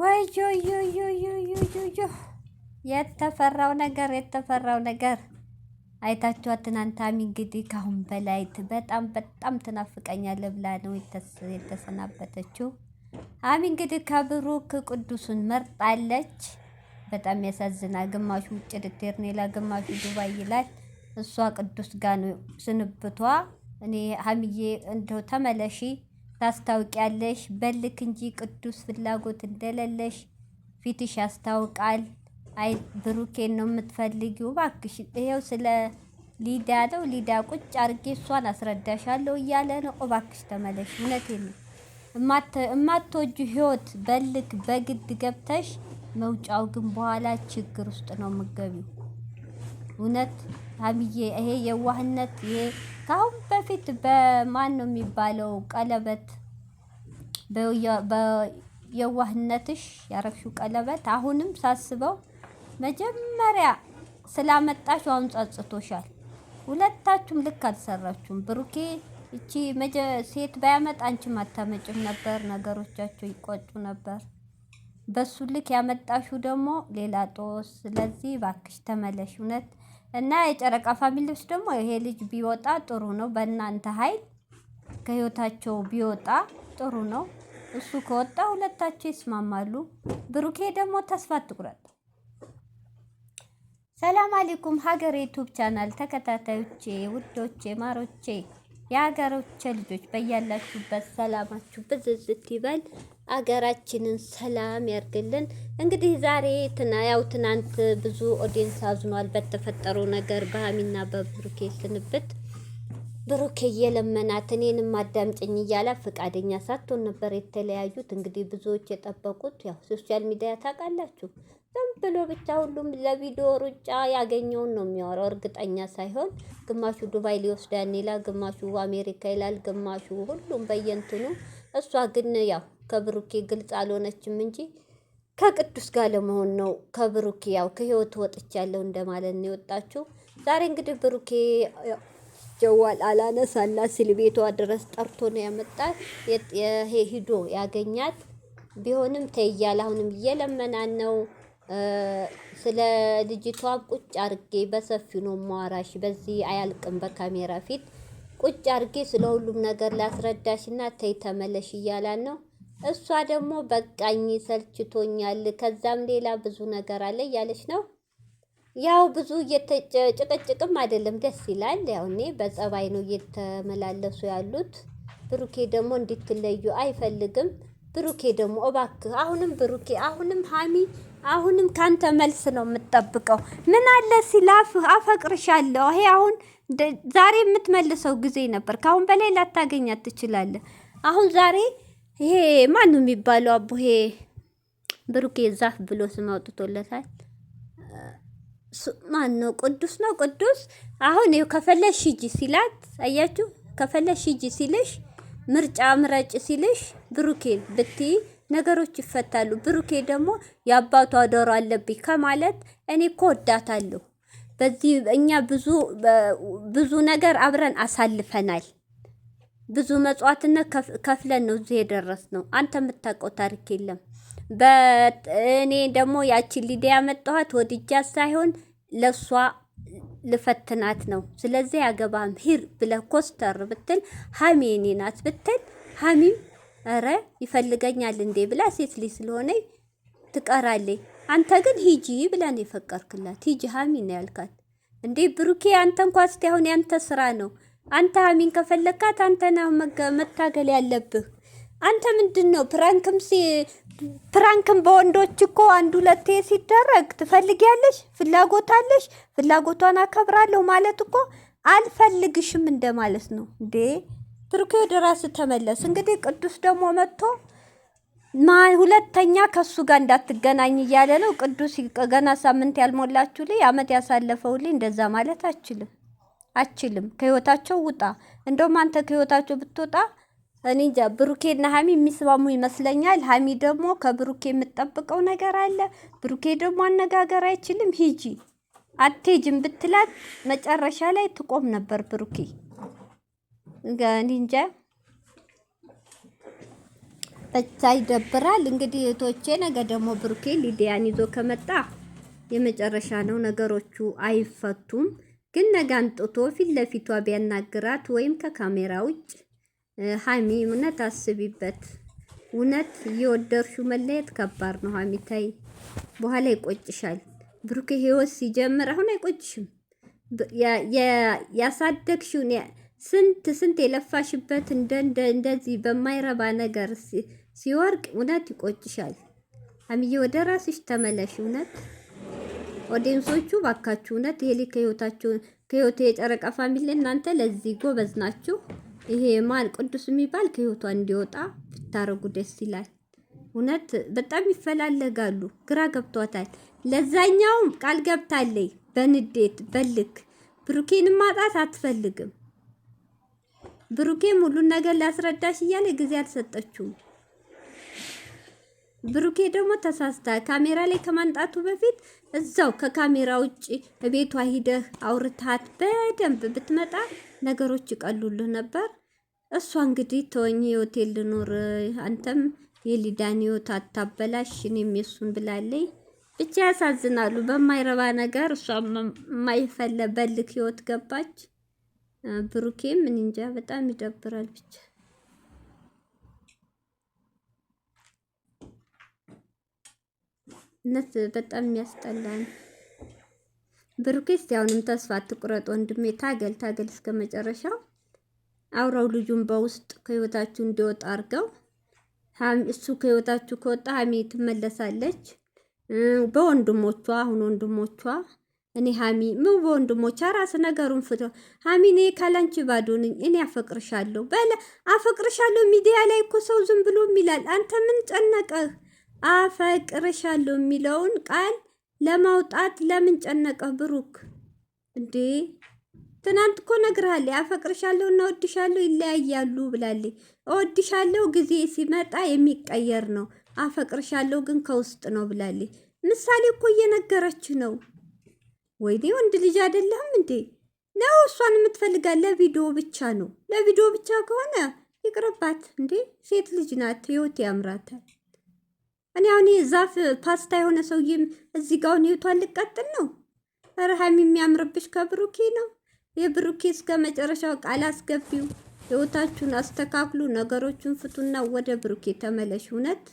ወዮዮዮዮዮዮ የተፈራው ነገር የተፈራው ነገር አይታችኋ ትናንት አሚ እንግዲህ ካሁን በላይ በጣም በጣም ትናፍቀኛለህ ብላ ነው የተሰናበተችው። አሚ እንግዲህ ከብሩክ ቅዱሱን መርጣለች። በጣም ያሳዝና። ግማሹ ውጭ ልትሄድ ነው ይላል፣ ግማሹ ዱባይ ይላል። እሷ ቅዱስ ጋር ነው ስንብቷ። እኔ ሀሚዬ እንደው ተመለሺ ታስታውቂያለሽ። በልክ እንጂ ቅዱስ ፍላጎት እንደሌለሽ ፊትሽ ያስታውቃል። አይ ብሩኬን ነው የምትፈልጊው እባክሽ። ይሄው ስለ ሊዳ ነው ሊዳ ቁጭ አርጌ እሷን አስረዳሻለሁ እያለ ነው። እባክሽ ተመለሽ። እውነቴን ነው እማትወጁ ህይወት በልክ በግድ ገብተሽ መውጫው ግን በኋላ ችግር ውስጥ ነው የምትገቢው። እውነት አብዬ ይሄ የዋህነት ይሄ ከአሁን በፊት በማን ነው የሚባለው ቀለበት የዋህነትሽ ያረግሽው ቀለበት አሁንም ሳስበው መጀመሪያ ስላመጣሽው አሁን ጸጽቶሻል። ሁለታችሁም ልክ አልሰራችሁም። ብሩኬ እቺ ሴት ባያመጣ አንቺም አታመጭም ነበር፣ ነገሮቻቸው ይቆጩ ነበር። በሱ ልክ ያመጣሽው ደግሞ ሌላ ጦስ። ስለዚህ ባክሽ ተመለሽ እውነት እና የጨረቃ ልብስ ደግሞ ይሄ ልጅ ቢወጣ ጥሩ ነው። በእናንተ ኃይል ከህይወታቸው ቢወጣ ጥሩ ነው። እሱ ከወጣ ሁለታቸው ይስማማሉ። ብሩኬ ደግሞ ተስፋ አትቁረጥ። ሰላም አለይኩም ሀገር ዩቱብ ቻናል ተከታታዮቼ፣ ውዶቼ፣ ማሮቼ የሀገሮች ልጆች በያላችሁበት ሰላማችሁ ብዝዝት ይበል። አገራችንን ሰላም ያርግልን። እንግዲህ ዛሬ ያው ትናንት ብዙ ኦዲየንስ አዝኗል በተፈጠረው ነገር በሀሚና በብሩኬ ስንብት ብሩክ እየለመናት እኔንም አዳምጭኝ እያለ ፈቃደኛ ሳትሆን ነበር የተለያዩት። እንግዲህ ብዙዎች የጠበቁት ያው ሶሻል ሚዲያ ታውቃላችሁ፣ ዝም ብሎ ብቻ ሁሉም ለቪዲዮ ሩጫ ያገኘውን ነው የሚያወራው። እርግጠኛ ሳይሆን ግማሹ ዱባይ ሊወስዳን ይላል፣ ግማሹ አሜሪካ ይላል፣ ግማሹ ሁሉም በየንትኑ። እሷ ግን ያው ከብሩኬ ግልጽ አልሆነችም እንጂ ከቅዱስ ጋር ለመሆን ነው ከብሩኬ ያው ከህይወት ወጥቻለሁ እንደማለት ነው የወጣችሁ። ዛሬ እንግዲህ ብሩኬ ጀዋል አላነሳላት ሲል ቤቷ ድረስ ጠርቶ ነው ያመጣ። ይሄ ሂዶ ያገኛት ቢሆንም ተያል አሁንም እየለመናን ነው። ስለ ልጅቷ ቁጭ አርጌ በሰፊው ነው ማዋራሽ፣ በዚህ አያልቅም። በካሜራ ፊት ቁጭ አርጌ ስለ ሁሉም ነገር ላስረዳሽና ተይ ተመለሽ እያላን ነው። እሷ ደግሞ በቃኝ፣ ሰልችቶኛል፣ ከዛም ሌላ ብዙ ነገር አለ እያለች ነው ያው ብዙ እየተጨቀጨቅም አይደለም፣ ደስ ይላል። ያው እኔ በጸባይ ነው እየተመላለሱ ያሉት። ብሩኬ ደግሞ እንድትለዩ አይፈልግም። ብሩኬ ደግሞ እባክህ አሁንም ብሩኬ አሁንም ሀሚ አሁንም ካንተ መልስ ነው የምጠብቀው። ምን አለ ሲላፍ አፈቅርሻለሁ። ይሄ አሁን ዛሬ የምትመልሰው ጊዜ ነበር። ካሁን በላይ ላታገኛት ትችላለህ። አሁን ዛሬ ይሄ ማን ነው የሚባለው? አቦ ብሩኬ ዛፍ ብሎ ስም አውጥቶለታል። ማን ነው ቅዱስ ነው ቅዱስ አሁን ከፈለሽ ሂጂ ሲላት፣ አያችሁ ከፈለሽ ሂጂ ሲልሽ፣ ምርጫ ምረጭ ሲልሽ ብሩኬ ብትይ ነገሮች ይፈታሉ። ብሩኬ ደግሞ የአባቷ ዶሮ አለብኝ ከማለት እኔ እኮ ወዳታለሁ። በዚህ እኛ ብዙ ብዙ ነገር አብረን አሳልፈናል። ብዙ መጽዋትነ ከፍለን ነው እዚህ የደረስ ነው። አንተ የምታውቀው ታሪክ የለም። እኔ ደግሞ ያቺን ሊዲያ ያመጣኋት ወድጃ ሳይሆን ለእሷ ልፈትናት ነው። ስለዚህ ያገባም ሂር ብለ ኮስተር ብትል ሀሚ ናት ብትል ሀሚም ኧረ ይፈልገኛል እንዴ ብላ ሴት ልጅ ስለሆነ ትቀራለች። አንተ ግን ሂጂ ብለን የፈቀርክላት ሂጂ ሀሚ ነው ያልካት እንዴ ብሩኬ፣ አንተ እንኳ እስቲ አሁን ያንተ ስራ ነው። አንተ ሀሚን ከፈለግካት አንተና መታገል ያለብህ። አንተ ምንድን ነው ፕራንክም ፕራንክም በወንዶች እኮ አንድ ሁለቴ ሲደረግ ትፈልጊያለሽ፣ ፍላጎታለሽ፣ ፍላጎቷን አከብራለሁ ማለት እኮ አልፈልግሽም እንደማለት ነው። እንዴ ትርኩ ወደ ራስ ተመለስ። እንግዲህ ቅዱስ ደግሞ መጥቶ ሁለተኛ ከሱ ጋር እንዳትገናኝ እያለ ነው። ቅዱስ ገና ሳምንት ያልሞላችሁ ልጅ አመት ያሳለፈው ልጅ እንደዛ ማለት አችልም አችልም። ከህይወታቸው ውጣ። እንደውም አንተ ከህይወታቸው ብትወጣ እኔ እንጃ ብሩኬና ሀሚ የሚስማሙ ይመስለኛል። ሀሚ ደግሞ ከብሩኬ የምጠብቀው ነገር አለ። ብሩኬ ደግሞ አነጋገር አይችልም። ሂጂ አትሄጂም ብትላት መጨረሻ ላይ ትቆም ነበር ብሩኬ። እኔ እንጃ ብቻ ይደብራል። እንግዲህ እህቶቼ፣ ነገ ደግሞ ብሩኬ ሊዲያን ይዞ ከመጣ የመጨረሻ ነው። ነገሮቹ አይፈቱም። ግን ነገ አንጥቶ ፊት ለፊቷ ቢያናግራት ወይም ከካሜራ ውጭ ሀሚ እውነት አስቢበት። እውነት እየወደድሽው መለየት ከባድ ነው ሀሚ በኋላ ይቆጭሻል። ብሩክ ህይወት ሲጀምር አሁን አይቆጭሽም። ያሳደግሽውን ስንት ስንት የለፋሽበት እንደ እንደ እንደዚህ በማይረባ ነገር ሲወርቅ እውነት ይቆጭሻል። ሀሚዬ ወደ ራስሽ ተመለሽ። እውነት ኦዲየንሶቹ ባካችሁ እውነት ይሄ ከህይወታችሁ ከህይወቱ የጨረቃ ፋሚሊ እናንተ ለዚህ ጎበዝ ናችሁ። ይሄ የመሃል ቅዱስ የሚባል ከህይወቷ እንዲወጣ ብታረጉ ደስ ይላል። እውነት በጣም ይፈላለጋሉ፣ ግራ ገብቷታል። ለዛኛውም ቃል ገብታለይ በንዴት በልክ ብሩኬን ማጣት አትፈልግም። ብሩኬ ሙሉን ነገር ላስረዳሽ እያለ ጊዜ አልሰጠችውም። ብሩኬ ደግሞ ተሳስታ ካሜራ ላይ ከማንጣቱ በፊት እዛው ከካሜራ ውጭ ቤቷ ሂደህ አውርታት በደንብ ብትመጣ ነገሮች ይቀሉልህ ነበር። እሷ እንግዲህ ተወኝ የሆቴል ልኖር፣ አንተም የሊዳን ህይወት አታበላሽ፣ እኔም የሱን ብላለይ። ብቻ ያሳዝናሉ። በማይረባ ነገር እሷ የማይፈለ በልክ ህይወት ገባች። ብሩኬም እንጃ በጣም ይደብራል ብቻ እነት በጣም የሚያስጠላን ብሩኬስ ያውንም ተስፋ አትቁረጥ ወንድሜ፣ ታገል ታገል እስከ መጨረሻው። አውራው ልጁን በውስጥ ከህይወታችሁ እንዲወጣ አድርገው። እሱ ከህይወታችሁ ከወጣ ሀሚ ትመለሳለች። በወንድሞቿ አሁን ወንድሞቿ እኔ ሀሚ ምን በወንድሞቿ ራስ ነገሩን ፍቶ ሀሚ እኔ ካላንቺ ባዶ ነኝ፣ እኔ አፈቅርሻለሁ በለ አፈቅርሻለሁ። ሚዲያ ላይ እኮ ሰው ዝም ብሎ ይላል። አንተ ምን ጨነቀህ? አፈቅርሻለሁ የሚለውን ቃል ለማውጣት ለምን ጨነቀ ብሩክ? እንዴ ትናንት እኮ ነግርሃለሁ። አፈቅርሻለሁ እና እወድሻለሁ ይለያያሉ ብላለች። እወድሻለሁ ጊዜ ሲመጣ የሚቀየር ነው፣ አፈቅርሻለሁ ግን ከውስጥ ነው ብላለች። ምሳሌ እኮ እየነገረች ነው። ወይኔ ወንድ ልጅ አይደለም እንዴ? ነው እሷን የምትፈልጋት ለቪዲዮ ብቻ ነው። ለቪዲዮ ብቻ ከሆነ ይቅርባት እንዴ። ሴት ልጅ ናት፣ ህይወት ያምራታል። እኔ አሁን ዛፍ ፓስታ የሆነ ሰውዬም እዚህ ጋውን ህይወቷን ልቀጥል ነው። ረሃም የሚያምርብሽ ከብሩኬ ነው። የብሩኬ እስከ መጨረሻው ቃል አስገቢው። ህይወታችሁን አስተካክሉ፣ ነገሮቹን ፍቱና ወደ ብሩኬ ተመለሽ እውነት